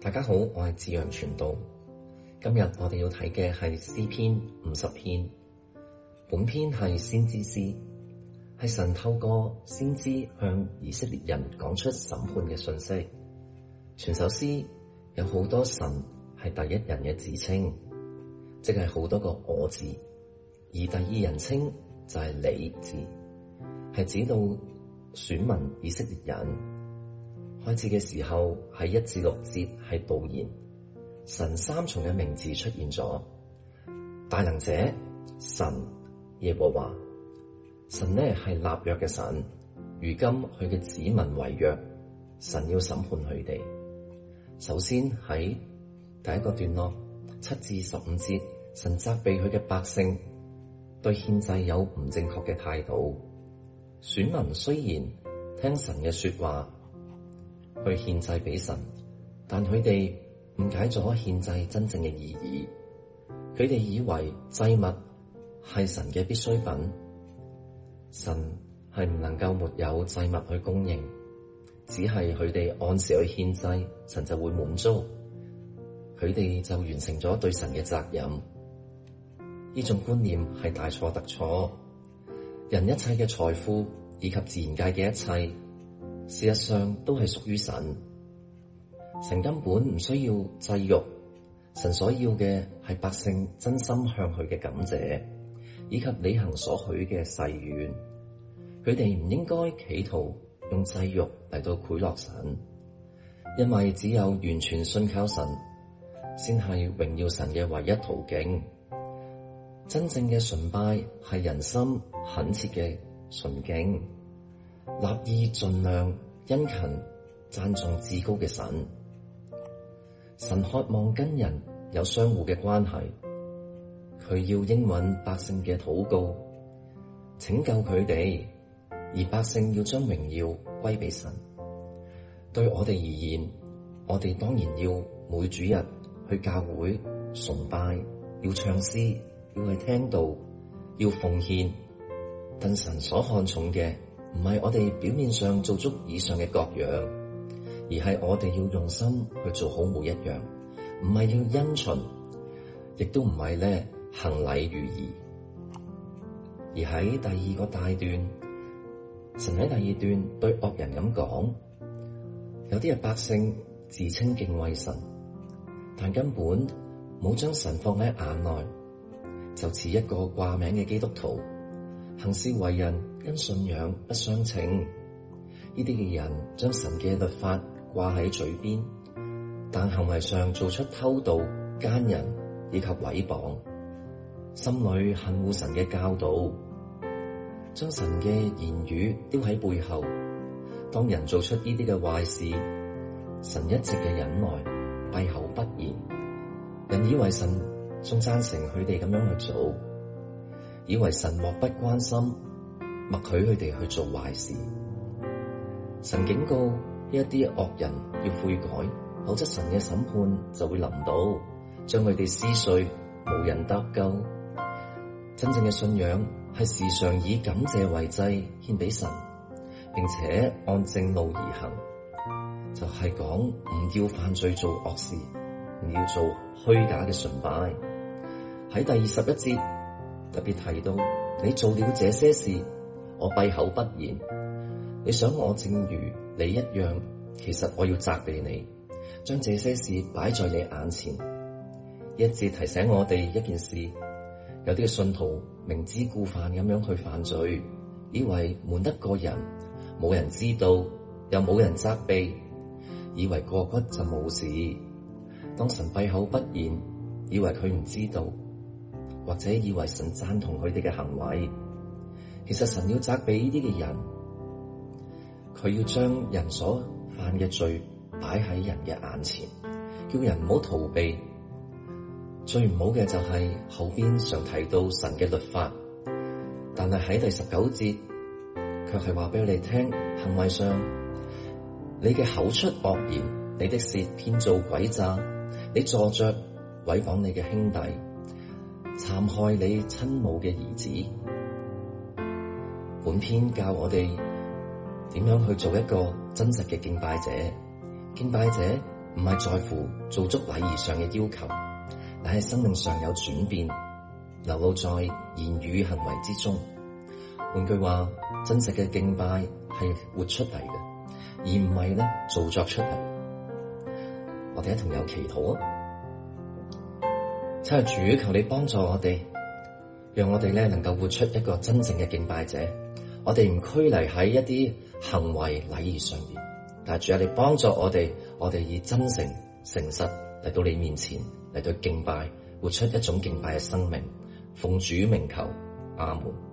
大家好，我係智揚傳道。今日我哋要睇嘅係詩篇五十篇，本篇係先知詩，係神透過先知向以色列人講出審判嘅信息。全首詩有好多神係第一人嘅自稱，即係好多個我字；而第二人稱就係你字，係指到選民以色列人。開始嘅時候係一至六節，係導言，神三重嘅名字出現咗，大能者神耶和華。神呢，係立約嘅神，如今佢嘅子民違約，神要審判佢哋。首先喺第一個段落七至十五節，神責備佢嘅百姓對獻祭有唔正確嘅態度。選民雖然聽神嘅說話去獻祭俾神，但佢哋誤解咗獻祭真正嘅意義。佢哋以為祭物係神嘅必需品，神係唔能夠沒有祭物去供應，只係佢哋按時去獻祭，神就會滿足，佢哋就完成咗對神嘅責任。呢種觀念係大錯特錯。人一切嘅財富以及自然界嘅一切。事實上都係屬於神，神根本唔需要祭肉，神所要嘅係百姓真心向佢嘅感謝，以及履行所許嘅誓願。佢哋唔應該企圖用祭肉嚟到賄賂神，因為只有完全信靠神，先係榮耀神嘅唯一途徑。真正嘅崇拜係人心懇切嘅純境。立意盡量殷勤讚頌至高嘅神。神渴望跟人有相互嘅關係，佢要應允百姓嘅禱告，拯救佢哋，而百姓要將榮耀歸俾神。對我哋而言，我哋當然要每主日去教會崇拜，要唱詩，要去聽道，要奉獻，但神所看重嘅。唔係我哋表面上做足以上嘅各樣，而係我哋要用心去做好每一樣。唔係要因循，亦都唔係咧行禮如儀。而喺第二個大段，神喺第二段對惡人咁講：有啲人百姓自稱敬畏神，但根本冇將神放喺眼內，就似一個掛名嘅基督徒，行事為人跟信仰不相稱，呢啲嘅人將神嘅律法掛喺嘴邊，但行為上做出偷盜、奸人以及誹謗，心裏恨惡神嘅教導，將神嘅言語丟喺背後。當人做出呢啲嘅壞事，神一直嘅忍耐，閉口不言。人以為神仲贊成佢哋咁樣去做，以為神漠不關心。默許佢哋去做壞事，神警告一啲惡人要悔改，否則神嘅審判就會臨到，將佢哋撕碎，無人得救。真正嘅信仰係時常以感謝為祭獻俾神，並且按正路而行，就係講唔要犯罪做惡事，唔要做虛假嘅崇拜。喺第二十一節特別提到，你做了這些事。我閉口不言，你想我正如你一樣，其實我要責備你，將這些事擺在你眼前，一致提醒我哋一件事：有啲嘅信徒明知故犯咁樣去犯罪，以為瞞得過人，冇人知道，又冇人責備，以為過骨就冇事。當神閉口不言，以為佢唔知道，或者以為神贊同佢哋嘅行為。其實神要責備呢啲嘅人，佢要將人所犯嘅罪擺喺人嘅眼前，叫人唔好逃避。最唔好嘅就係後邊常提到神嘅律法，但係喺第十九節，卻係話俾我哋聽，行為上你嘅口出惡言，你的舌編造詭詐，你坐着毀謗你嘅兄弟，讒害你親母嘅兒子。本篇教我哋點樣去做一個真實嘅敬拜者。敬拜者唔係在乎做足禮儀上嘅要求，但係生命上有轉變，流露在言語行為之中。換句話，真實嘅敬拜係活出嚟嘅，而唔係咧做作出嚟。我哋一同有祈禱啊！就係主，求你幫助我哋，讓我哋咧能夠活出一個真正嘅敬拜者。我哋唔拘泥喺一啲行為禮儀上面，但係主啊，你幫助我哋，我哋以真誠、誠實嚟到你面前，嚟到敬拜，活出一種敬拜嘅生命，奉主名求，阿門。